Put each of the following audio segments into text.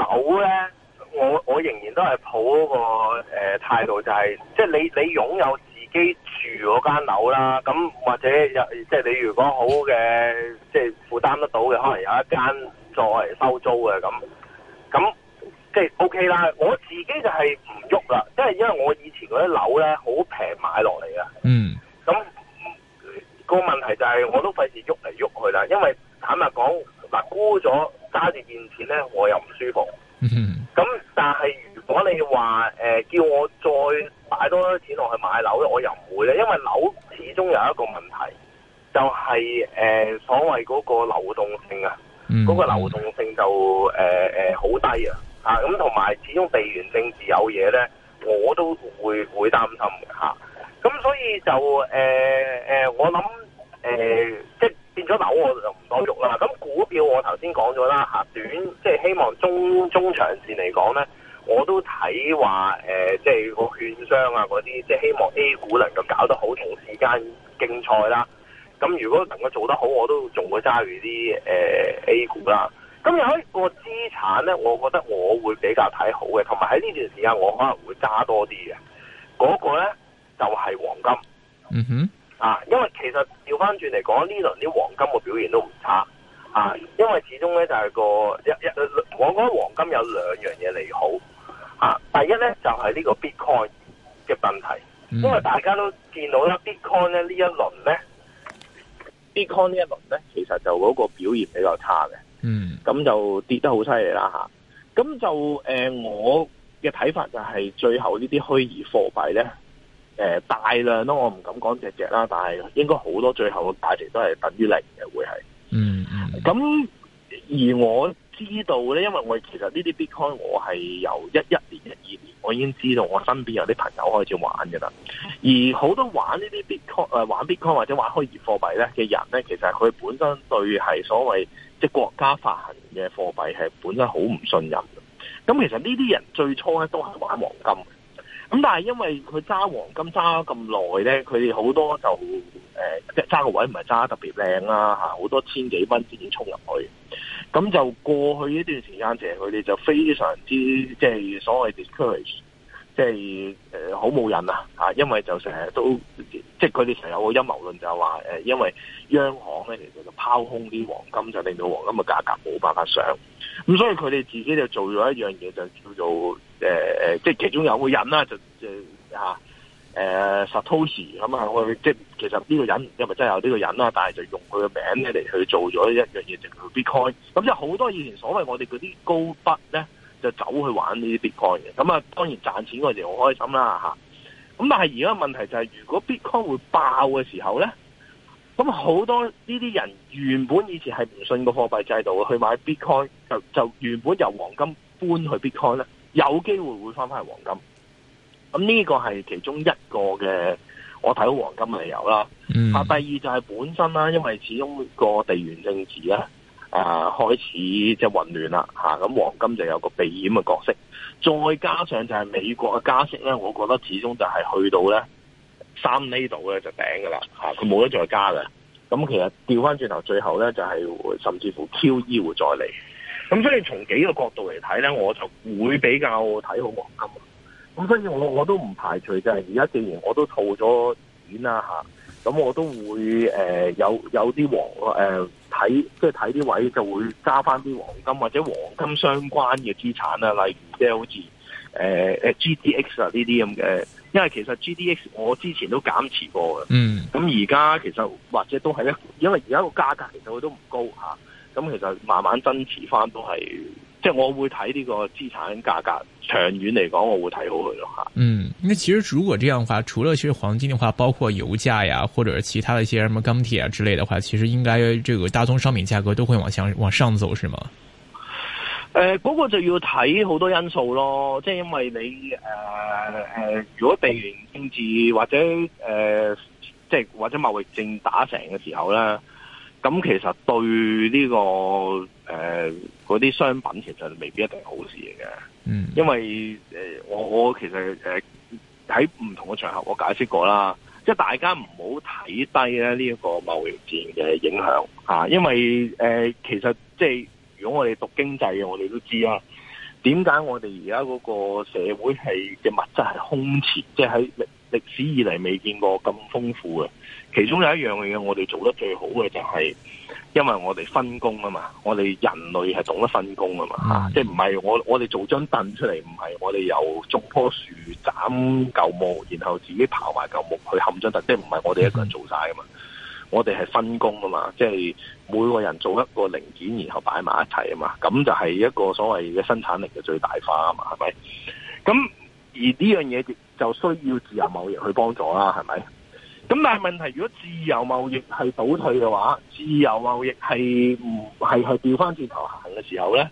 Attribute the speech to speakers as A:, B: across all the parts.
A: 樓咧，我我仍然都係抱嗰、那個誒態、呃、度、就是，就係即係你你擁有自己住嗰間樓啦，咁或者又即係你如果好嘅，即係負擔得到嘅，可能有一間在收租嘅咁，咁即係 OK 啦。我自己就係唔喐啦，即係因為我以前嗰啲樓咧好平買落嚟嘅，嗯，咁、那個問題就係、是、我都費事喐嚟喐去啦，因為坦白講嗱、呃、沽咗。揸住現錢咧，我又唔舒服。咁，但係如果你話、呃、叫我再擺多啲錢落去買樓咧，我又唔會咧，因為樓始終有一個問題，就係、是、誒、呃、所謂嗰個流動性啊，嗰、那個流動性就誒好、呃呃、低啊。嚇咁，同埋始終地緣政治有嘢咧，我都會會擔心嘅咁、啊、所以就誒、呃呃、我諗誒、呃、即。變咗樓我就唔多肉啦。咁股票我頭先講咗啦，吓短即係希望中中長線嚟講咧，我都睇話誒，即係個券商啊嗰啲，即係希望 A 股能夠搞得好同時間競賽啦。咁如果能夠做得好，我都仲會揸住啲誒 A 股啦。咁有一個資產咧，我覺得我會比較睇好嘅，同埋喺呢段時間我可能會揸多啲嘅。嗰個咧就係黃金。嗯哼。啊，因為其實掉返轉嚟講，呢輪啲黃金嘅表現都唔差啊，因為始終咧就係個一一我覺得黃金有兩樣嘢利好、啊、第一咧就係、是、呢個 Bitcoin 嘅問題，因為大家都見到啦、mm. Bitcoin 咧呢 Bitcoin 一輪咧 Bitcoin 呢一輪咧其實就嗰個表現比較差嘅，嗯，咁就跌得好犀利啦吓，咁就誒、呃、我嘅睇法就係最後虛擬貨幣呢啲虛擬貨幣咧。誒、呃，大量咯，我唔敢講隻隻啦，但係應該好多最後嘅價值都係等於零嘅，會係、嗯，嗯，咁而我知道咧，因為我其實呢啲 bitcoin 我係由一一年、一二年、年，我已經知道我身邊有啲朋友開始玩嘅啦。嗯、
B: 而好
A: 多玩呢啲 bitcoin 誒、呃，玩 bitcoin 或者玩虛擬貨幣咧嘅人咧，其實佢本身對係所謂即係國家發行嘅貨幣係本身好唔信任。咁其實呢啲人最初咧都係玩黃金。嗯咁但係因為佢揸黃金揸咗咁耐咧，佢哋好多就誒即係揸個位唔係揸特別靚啦嚇，好多千幾蚊先至衝入去，咁就過去呢段時間其實佢哋就非常之即係、就是、所謂 discourage，即係誒好冇癮啊嚇，因為就成日都。即係佢哋成日有個陰謀論就係話、呃、因為央行咧其實就拋空啲黃金，就令到黃金嘅價格冇辦法上。咁所以佢哋自己就做咗一樣嘢，就叫做、呃、即係其中有個人啦，就就，嚇、呃、誒、呃、Satoshi 咁、嗯、啊、嗯嗯、即係其實呢個人，因為真係有呢個人啦，但係就用佢嘅名嚟去做咗一樣嘢，就叫 Bitcoin、嗯。咁即係好多以前所謂我哋嗰啲高筆咧，就走去玩呢啲 Bitcoin 嘅。咁、嗯、啊、嗯，當然賺錢嗰陣時好開心啦嚇。咁但係而家嘅問題就係，如果 Bitcoin 會爆嘅時候咧，咁好多呢啲人原本以前係唔信個貨幣制度嘅，去買 Bitcoin 就就原本由黃金搬去 Bitcoin 咧，有機會會返返去黃金。咁呢個係其中一個嘅我睇到黃金嘅理由啦。嗯，第二就係本身啦，因為始終個地緣政治咧，啊開始即係混亂啦，吓，咁黃金就有個避險嘅角色。再加上就係美國嘅加息咧，我覺得始終就係去到咧三厘度咧就頂㗎啦，嚇佢冇得再加嘅。咁其實掉返轉頭，最後咧就係、是、甚至乎 QE 會再嚟。咁所以從幾個角度嚟睇咧，我就會比較睇好黃金。咁所以我，我我都唔排除就係而家，既然我都套咗錢啦、啊，咁我都會誒、呃、有有啲黃誒睇，即係睇啲位就會加翻啲黃金或者黃金相關嘅資產啦，例如即係好似誒、呃、GDX 啊呢啲咁嘅，因為其實 GDX 我之前都減持過嘅，嗯，咁而家其實或者都係咧，因為而家個價格其實佢都唔高吓，咁、啊、其實慢慢增持翻都係。即係我會睇呢個資產價格，長遠嚟講，我會睇好佢咯吓。
B: 嗯，因為其實如果這樣的話，除了其實黃金的話，包括油價呀、啊，或者其他的一些什麼鋼鐵啊之類的話，其實應該這個大宗商品價格都會往上往上走，是嗎？誒、
A: 呃，嗰、那個就要睇好多因素咯，即係因為你誒誒、呃呃，如果地緣政治或者誒、呃、即係或者貿易戰打成嘅時候呢，咁其實對呢、這個誒。呃嗰啲商品其實未必一定好事嚟嘅，嗯、因為誒我我其實誒喺唔同嘅場合我解釋過啦，即、就、係、是、大家唔好睇低咧呢一個貿易戰嘅影響嚇、啊，因為誒、呃、其實即係、就是、如果我哋讀經濟嘅，我哋都知啦，點解我哋而家嗰個社會係嘅物質係空前，即係喺歷歷史以嚟未見過咁豐富嘅。其中有一樣嘢我哋做得最好嘅就係、是。因為我哋分工啊嘛，我哋人類係懂得分工啊嘛，吓、嗯、即係唔係我我哋做張凳出嚟，唔係我哋由種棵樹斬舊木，然後自己刨埋舊木去冚張凳，即係唔係我哋一個人做晒啊嘛，嗯、我哋係分工啊嘛，即係每個人做一個零件，然後擺埋一齊啊嘛，咁就係一個所謂嘅生產力嘅最大化啊嘛，係咪？咁而呢樣嘢就就需要自由貿易去幫助啦，係咪？咁但係問題，如果自由貿易係倒退嘅話，自由貿易係唔係去調翻轉頭行嘅時候咧，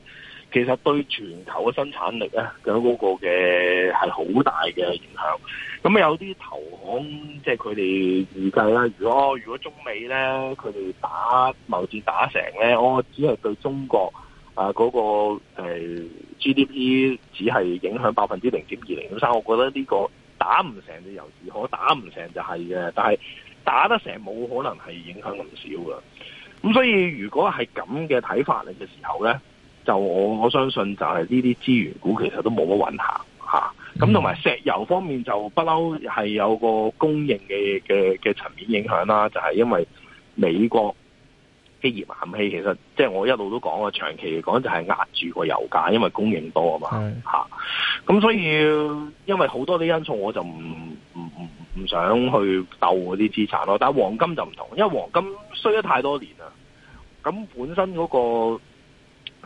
A: 其實對全球嘅生產力咧，佢、那、嗰個嘅係好大嘅影響。咁有啲投行即係佢哋預計啦，如果如果中美咧，佢哋打貿易戰打成咧，我、哦、只係對中國啊嗰、那個、呃、GDP 只係影響百分之零點二零點三，我覺得呢、這個。打唔成，成就由市，可打唔成就係嘅。但係打得成冇可能係影響咁少嘅。咁所以如果係咁嘅睇法嚟嘅時候咧，就我我相信就係呢啲資源股其實都冇乜運行吓，咁同埋石油方面就不嬲係有個供應嘅嘅嘅層面影響啦，就係、是、因為美國。嘅天然氣，氣其實即係我一路都講啊，長期嚟講就係壓住個油價，因為供應多嘛是 啊嘛嚇。咁所以因為好多啲因素，我就唔唔唔唔想去鬥嗰啲資產咯。但係黃金就唔同，因為黃金衰咗太多年啦。咁本身嗰個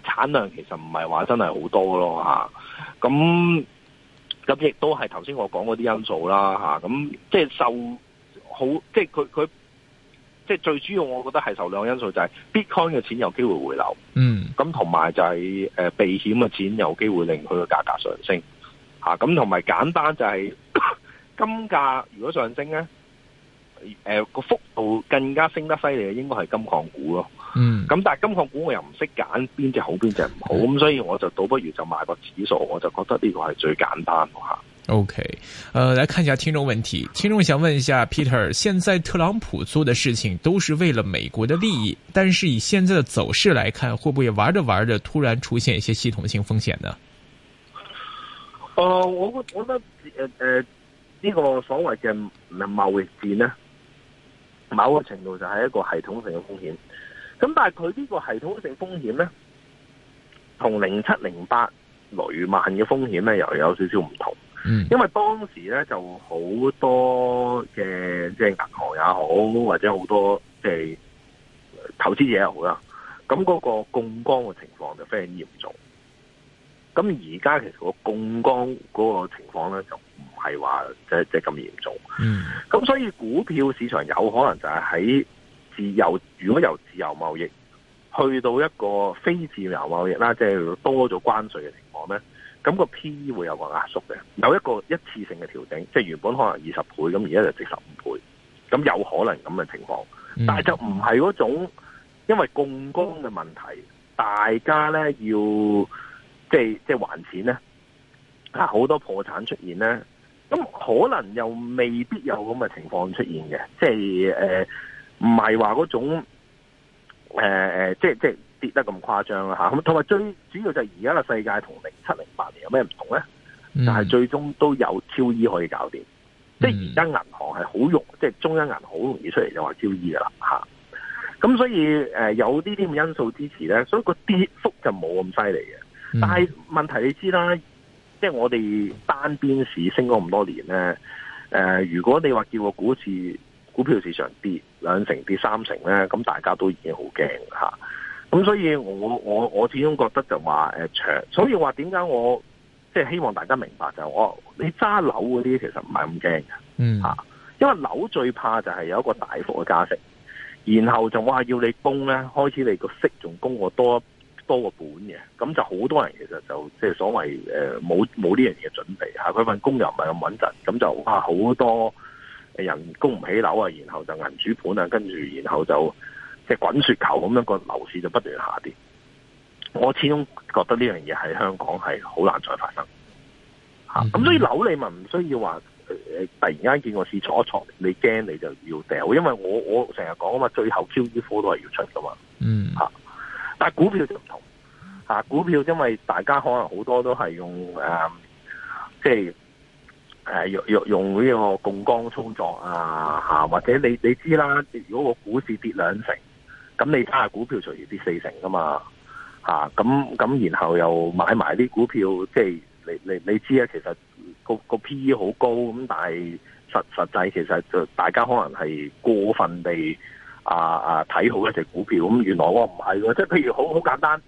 A: 產量其實唔係話真係好多咯嚇。咁咁亦都係頭先我講嗰啲因素啦嚇。咁、啊、即係受好即係佢佢。即係最主要，我覺得係受兩個因素，就係 Bitcoin 嘅錢有機會回流，嗯，咁同埋就係誒避險嘅錢有機會令佢嘅價格上升，嚇、啊，咁同埋簡單就係、是、金價如果上升咧，個、呃、幅度更加升得犀利嘅應該係金礦股咯，嗯，咁但係金礦股我又唔識揀邊隻好邊隻唔好，咁、嗯、所以我就倒不如就買個指數，我就覺得呢個係最簡單嚇。
B: OK，呃，來看一下聽眾問題。聽眾想問一下，Peter，現在特朗普做的事情都是為了美國的利益，但是以現在的走勢來看，會不會玩着玩着突然出現一些系統性風險呢？呃，
A: 我覺得呃呃，呢個所謂嘅貿易戰呢，某個程度就係一個系統性嘅風險。咁但係佢呢個系統性風險呢，同零七零八雷曼嘅風險呢，又有少少唔同。因為當時咧就好多嘅，即係銀行也好，或者，多者好多即係投資者又好啦，咁嗰個槓桿嘅情況就非常嚴重。咁而家其實那個槓桿嗰個情況咧就唔係話即係即係咁嚴重。嗯，咁所以股票市場有可能就係喺自由，如果由自由貿易去到一個非自由貿易啦，即係多咗關稅嘅情況咧。咁個 P E 會有個壓縮嘅，有一個一次性嘅調整，即係原本可能二十倍，咁而家就值十五倍，咁有可能咁嘅情況，但係就唔係嗰種因為槓桿嘅問題，大家咧要即係即係還錢咧，好多破產出現咧，咁可能又未必有咁嘅情況出現嘅，即係誒唔係話嗰種誒、呃、即係即係。跌得咁誇張啦吓，咁同埋最主要就係而家嘅世界同零七零八年有咩唔同咧？嗯、但係最終都有 QE 可以搞掂，嗯，即係而家銀行係好容，即係中央銀行好容易出嚟就話 QE 噶啦吓。咁、啊、所以誒有呢啲咁因素支持咧，所以個跌幅就冇咁犀利嘅。但係問題是你知啦，即係我哋單邊市升咗咁多年咧，誒、呃，如果你話叫個股市、股票市場跌兩成跌、跌三成咧，咁大家都已經好驚吓。啊咁、嗯、所以我，我我我始終覺得就話誒長，所以話點解我即係、就是、希望大家明白就我、是哦、你揸樓嗰啲其實唔係咁驚嘅，吓、嗯啊，因為樓最怕就係有一個大幅嘅加息，然後就話要你供咧，開始你個息仲供我多多個本嘅，咁就好多人其實就即係所謂誒冇冇呢樣嘢準備吓，佢、啊、份工又唔係咁穩陣，咁就啊好多人供唔起樓啊，然後就銀主盤啊，跟住然後就。滾雪球咁樣，個樓市就不斷下跌，我始終覺得呢樣嘢喺香港係好難再發生，吓咁、嗯、所以樓你咪唔需要話，誒、呃、突然間見個市挫一挫，你驚你就要掉，因為我我成日講啊嘛，最後 Q E four 都係要出噶嘛，嗯吓，但係股票就唔同，吓、啊、股票因為大家可能好多都係用誒、啊，即係誒、啊、用用用呢個槓杆操作啊吓、啊，或者你你知啦，如果個股市跌兩成。咁你睇下股票隨時跌四成噶嘛，吓咁咁，然後又買埋啲股票，即係你你你知啊，其實個個 P E 好高，咁但係實實際其實就大家可能係過分地啊啊睇好一隻股票，咁原來我唔係㗎，即係譬如好好簡單，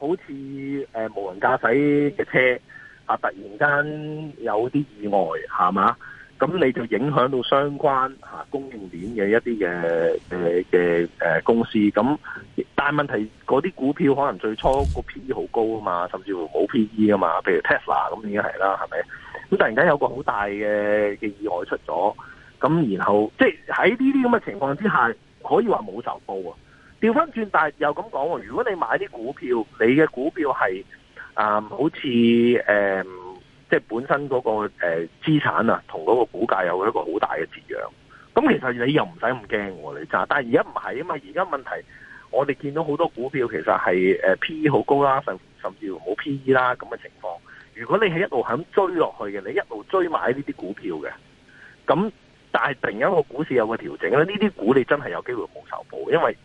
A: 好似誒無人駕駛嘅車啊，突然間有啲意外，係嘛？咁你就影響到相關嚇供應鏈嘅一啲嘅嘅嘅誒公司，咁但係問題嗰啲股票可能最初個 PE 好高啊嘛，甚至乎冇 PE 啊嘛，譬如 Tesla 咁已經係啦，係咪？咁突然間有個好大嘅嘅意外出咗，咁然後即係喺呢啲咁嘅情況之下，可以話冇受報啊？調翻轉，但係又咁講喎，如果你買啲股票，你嘅股票係啊，好似誒。即係本身嗰個資產啊，同嗰個股價有一個好大嘅折讓。咁其實你又唔使咁驚喎，你揸。但係而家唔係啊嘛，因為而家問題我哋見到好多股票其實係 P E 好高啦，甚甚至乎冇 P E 啦咁嘅情況。如果你係一路肯追落去嘅，你一路追買呢啲股票嘅，咁但係突然間一個股市有個調整咧，呢啲股你真係有機會冇收報，因為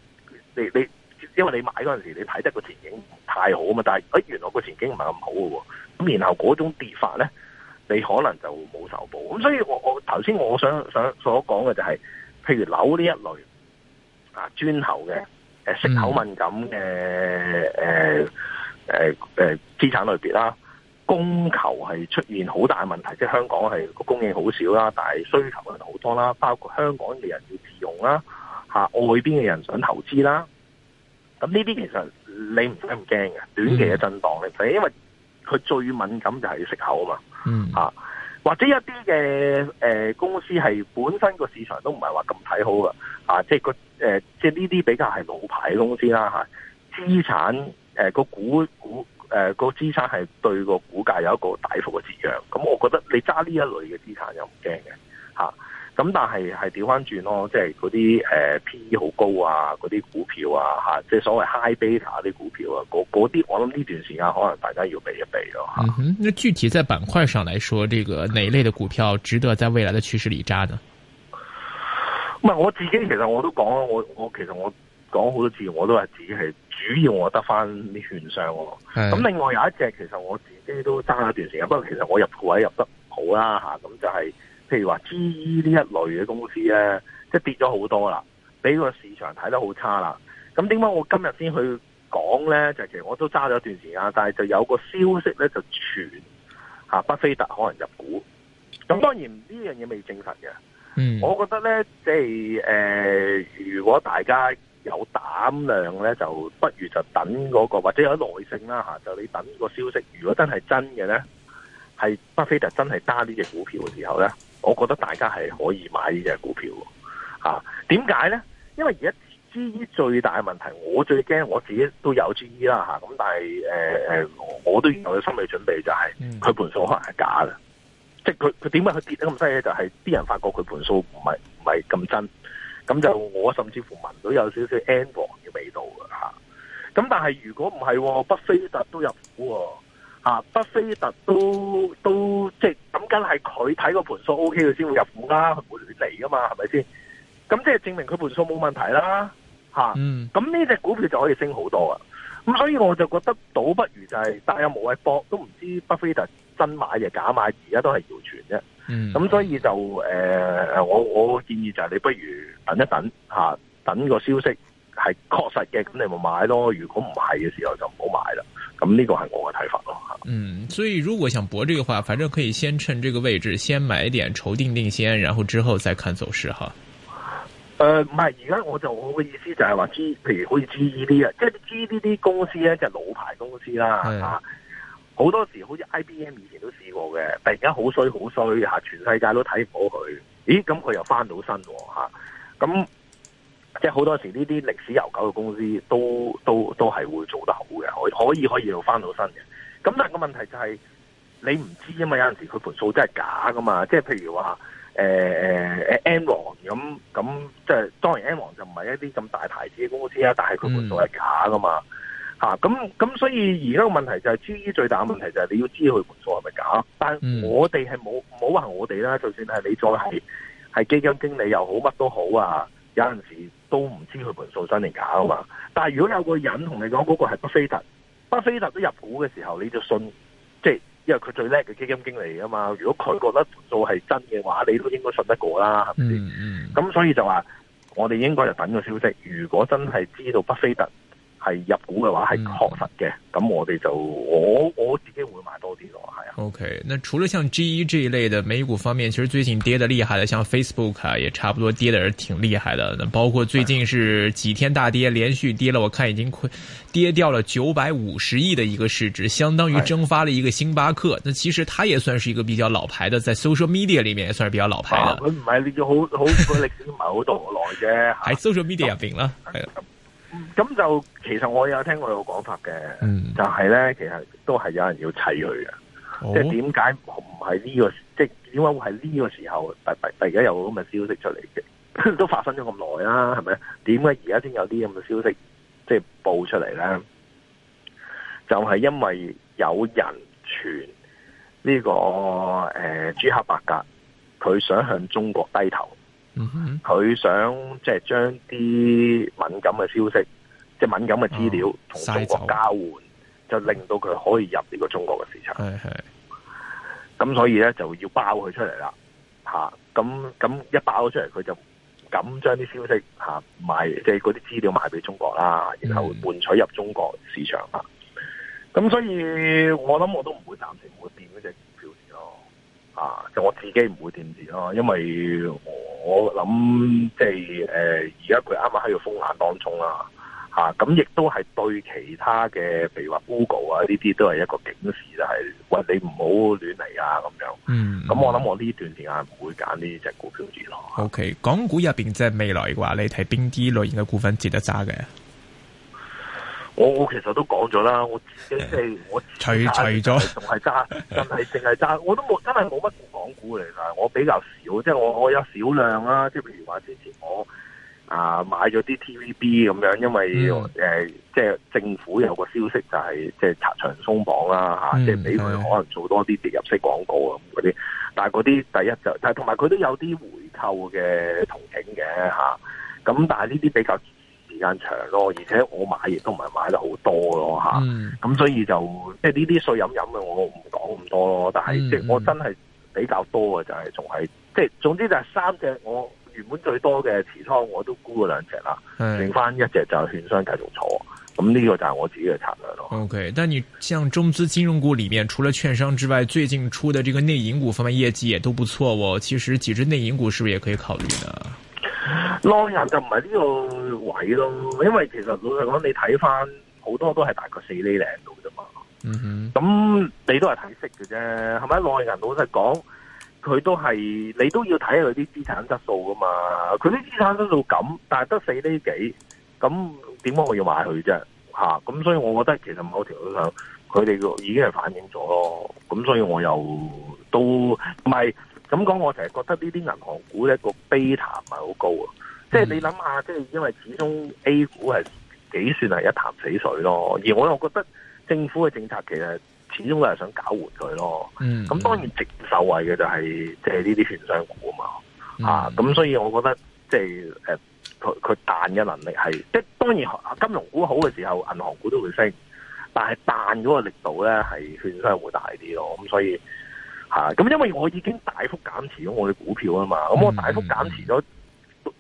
A: 你你。因為你買嗰陣時候，你睇得個前景唔太好啊嘛，但係誒、哎，原來個前景唔係咁好嘅，咁然後嗰種跌法咧，你可能就冇仇報。咁所以我我頭先我想想所講嘅就係、是，譬如樓呢一類啊，磚頭嘅誒，息口敏感嘅誒誒誒資產類別啦，供求係出現好大嘅問題，即係香港係供應好少啦，但係需求又好多啦，包括香港嘅人要自用啦，吓、啊、外邊嘅人想投資啦。咁呢啲其實你唔使咁驚嘅，短期嘅震盪你睇，因為佢最敏感就係要食口嘛、嗯、啊嘛，或者一啲嘅、呃、公司係本身個市場都唔係話咁睇好㗎，啊即係個、呃、即係呢啲比較係老牌公司啦嚇、啊，資產個、呃、股股個、呃、資產係對個股價有一個大幅嘅支撐，咁、啊、我覺得你揸呢一類嘅資產又唔驚嘅。咁但係係調翻轉咯，即係嗰啲誒 PE 好高啊，嗰啲股票啊吓，即係所謂 high beta 啲股票啊，嗰、啊、啲、啊、我諗呢段時間可能大家要避一避咯。啊、嗯
B: 哼,那具體在板塊上來說，這個哪一類的股票值得在未來的趨勢裏揸呢？
A: 唔係、嗯，我自己其實我都講啦，我我其實我講好多次，我都係自己係主要我得翻啲券商咯、啊。咁、嗯、另外有一隻，其實我自己都揸咗一段時間，不過其實我入位入得好啦吓，咁、啊、就係、是。譬如話 GE 呢一類嘅公司咧，即係跌咗好多啦，俾個市場睇得好差啦。咁點解我今日先去講咧？就係、其實我都揸咗一段時間，但係就有個消息咧就傳，吓、啊、巴菲特可能入股。咁當然呢樣嘢未證實嘅。嗯，我覺得咧，即係誒，如果大家有膽量咧，就不如就等嗰、嗰個，或者有耐性啦吓、啊，就你等呢個消息。如果真係真嘅咧，係巴菲特真係揸呢隻股票嘅時候咧。我覺得大家係可以買呢隻股票喎，吓、啊？點解咧？因為而家 GE 最大嘅問題，我最驚我自己都有 GE 啦，吓、啊。咁但係誒誒，我都有嘅心理準備、就是嗯，就係佢盤數可能係假嘅，即係佢佢點解佢跌得咁犀利？就係啲人發覺佢盤數唔係唔係咁真，咁就我甚至乎聞到有少少安隆嘅味道嘅吓。咁、啊、但係如果唔係、哦，巴菲特都入股、哦，吓、啊，巴菲特都都即係。真係佢睇個盤數 O K，佢先會入股啦。佢唔會亂嚟噶嘛，係咪先？咁即係證明佢盤數冇問題啦，嚇、嗯。咁呢、啊、隻股票就可以升好多啊。咁所以我就覺得，倒不如就係、是、帶有冇謂搏，都唔知巴菲特真買定假買，而家都係謠傳啫。咁、嗯、所以就、呃、我我建議就係你不如等一等、啊、等個消息係確實嘅，咁你咪買咯。如果唔係嘅時候，就唔好買啦。咁呢個係我嘅睇法
B: 咯。嗯，所以如果想博呢個話，反正可以先趁呢個位置先買點籌定定先，然後之後再看走勢哈。
A: 誒、呃，唔係，而家我就我嘅意思就係話，知譬如好似 GED 啊，即係啲 GED 公司咧就係、老牌公司啦，吓好是、啊、多時好似 IBM 以前都試過嘅，突然間好衰好衰吓，全世界都睇唔到佢，咦？咁佢又翻到身吓，咁、啊。即係好多時呢啲歷史悠久嘅公司都都都係會做得好嘅，可可以可以要翻到身嘅。咁但係個問題就係你唔知啊嘛，有陣時佢盤數真係假噶嘛。即係譬如話誒誒誒，M 王咁咁，即、欸、係當然 M 王就唔係一啲咁大牌子嘅公司，嗯、啊，但係佢盤數係假噶嘛。吓咁咁，所以而家個問題就係、是，至於最大嘅問題就係你要知佢盤數係咪假。但係我哋係冇冇話我哋啦，就算係你再係係基金經理又好，乜都好啊。有陣時都唔知佢盤數真定假啊嘛，但係如果有個人同你講嗰、那個係巴菲特，巴菲特都入股嘅時候，你就信，即係因為佢最叻嘅基金經理啊嘛。如果佢覺得盤數係真嘅話，你都應該信得過啦，係咪先？咁、嗯嗯、所以就話，我哋應該就等個消息。如果真係知道巴菲特。係入股嘅話係確實嘅，咁、嗯、我哋就我我自
B: 己會買多啲咯，係啊。O、okay, K，那除了像 G E 這一類的美股方面，其實最近跌得厲害的，像 Facebook 啊，也差不多跌得係挺厲害的。包括最近是幾天大跌，的連續跌了，我看已經虧跌掉了九百五十億的一個市值，相當於蒸發了一個星巴克。的那其實它也算是一個比較老牌的，在 social media 裏面也算是比較老牌嘅。唔
A: 係、啊，你好好歷史唔係好多耐
B: 嘅，喺 social media 入邊啦。哎
A: 咁就其實我有聽過有個講法嘅，嗯、
B: 就係咧
A: 其實都係有人要砌佢嘅，即係點解唔係呢個，即係點解會係呢個時候，突然間有咁嘅消息出嚟嘅？ 都發生咗咁耐啦，係咪？點解而家先有啲咁嘅消息即係報出嚟咧？就係、是、因為有人傳呢、這個誒朱克伯格佢想向中國低頭。佢、嗯、想即係將啲敏感嘅消息，即、就、係、是、敏感嘅資料同、哦、中國交換，就令到佢可以入呢個中國嘅市場。咁、嗯、哼所以呢，就要包佢出嚟啦，吓、啊，咁咁一包咗出嚟，佢就敢將啲消息吓、啊、賣，即係嗰啲資料賣俾中國啦，然後換取入中國市場啦。咁、嗯啊、所以我諗我都唔會暫時，唔會變嗰隻。啊！就我自己唔會墊止咯，因為我諗，諗即係誒，而家佢啱啱喺個風眼當中啦，吓，咁亦都係對其他嘅，譬如話 Google 啊呢啲都係一個警示，就係，喂，你唔好亂嚟啊咁樣。嗯，咁、嗯、我諗我呢段時間唔會揀呢隻股票住
B: 咯。OK，港股入邊即係未來嘅話，你睇邊啲類型嘅股份值得揸嘅？
A: 我我其實都講咗啦，我自己即係我除除咗，仲係揸，真係淨係揸，我都冇真係冇乜講股嚟啦，我比較少，即係我我有少量啦。即係譬如話之前我啊，買咗啲 TVB 咁樣，因為誒即係政府有個消息就係即係拆牆鬆綁啦吓，即係俾佢可能做多啲植入式廣告咁嗰啲。但係嗰啲第一就但係同埋佢都有啲回購嘅同情嘅吓。咁啊但係呢啲比較。間長咯，而且我買亦都唔係買得好多咯，吓、嗯、咁、啊、所以就即係呢啲碎飲飲嘅，我唔講咁多咯。但係即係我真係比較多嘅就係仲係，即係總之就係三隻我原本最多嘅持倉，我都沽咗兩隻啦，剩翻一隻就係券商繼續坐。咁、這、呢個就係我自己嘅策略
B: 咯。O、okay, K，但你像中資金融股裏面，除了券商之外，最近出嘅呢個內銀股方面業績也都不錯哦。其實幾隻內銀股是不是也可以考慮呢？
A: 內銀就唔係呢個位咯，因為其實老實講，你睇翻好多都係大概四厘零度啫嘛。咁、嗯、哼你都係睇息嘅啫，係咪？內銀老實講，佢都係你都要睇佢啲資產質素噶嘛。佢啲資產質素咁，但係得四厘幾，咁點解我要買佢啫？吓、啊，咁所以我覺得其實某條股佢哋已經係反映咗咯。咁所以我又都唔係。咁講，嗯嗯、我成日覺得呢啲銀行股咧個 beta 唔係好高啊！即、就、係、是、你諗下，即係因為始終 A 股係幾算係一潭死水咯。而我又覺得政府嘅政策其實始終都係想搞活佢咯。咁、嗯嗯、當然直受惠嘅就係即係呢啲券商股嘛、嗯、啊。咁所以，我覺得即係佢佢彈嘅能力係即係當然金融股好嘅時候，銀行股都會升，但係彈嗰個力度咧係券商會大啲咯。咁、嗯、所以。吓，咁、啊、因為我已經大幅減持咗我嘅股票啊嘛，咁我大幅減持咗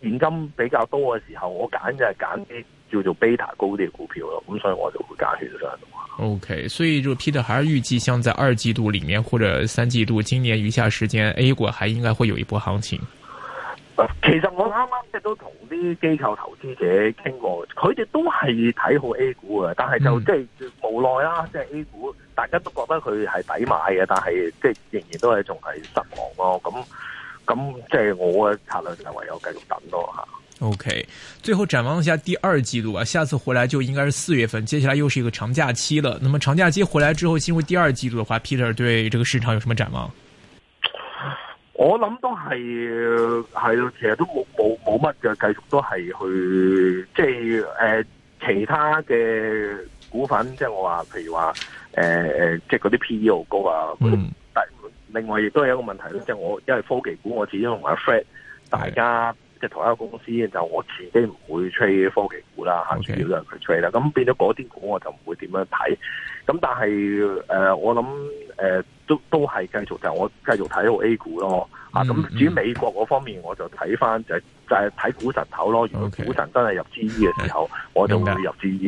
A: 現金比較多嘅時候，嗯嗯、我揀就係揀啲叫做 beta 高啲嘅股票咯，咁所以我就會加血上嘅
B: 嘛。O K，所以就 Peter 還是預計，像在二季度裏面或者三季度今年餘下時間，A 股還應該會有一波行情。
A: 其實我啱啱即係都同啲機構投資者傾過，佢哋都係睇好 A 股嘅，但係就即係、嗯、無奈啦，即係 A 股大家都覺得佢係抵買嘅，但係即係仍然都係仲係失望咯。咁咁即係我嘅策略就唯有繼續等咯吓。
B: OK，最後展望一下第二季度啊，下次回來就應該係四月份，接下來又是一個長假期了。那麼長假期回來之後進入第二季度嘅話，Peter 對這個市場有什麼展望？
A: 我諗都係係咯，其實都冇冇冇乜嘅，繼續都係去即係誒、呃、其他嘅股份，即係我話，譬如話誒誒，即係嗰啲 P E 高啊，嗯、但另外亦都係一個問題即係、嗯、我因為科技股，我始終同埋 Fred 大家。即係同一間公司，就我自己唔會 trade 科技股啦，吓主 Okay. 要就唔會 trade 啦。咁變咗嗰啲股我就唔會點樣睇。咁但係誒、呃，我諗誒、呃，都都係繼續就我繼續睇好 A 股咯。吓咁、mm hmm. 啊、至於美國嗰方面，我就睇翻，就就係睇股神頭咯。Okay. 如果股神真係入 G E 嘅時候，mm hmm. 我就會入 G E、mm。Hmm.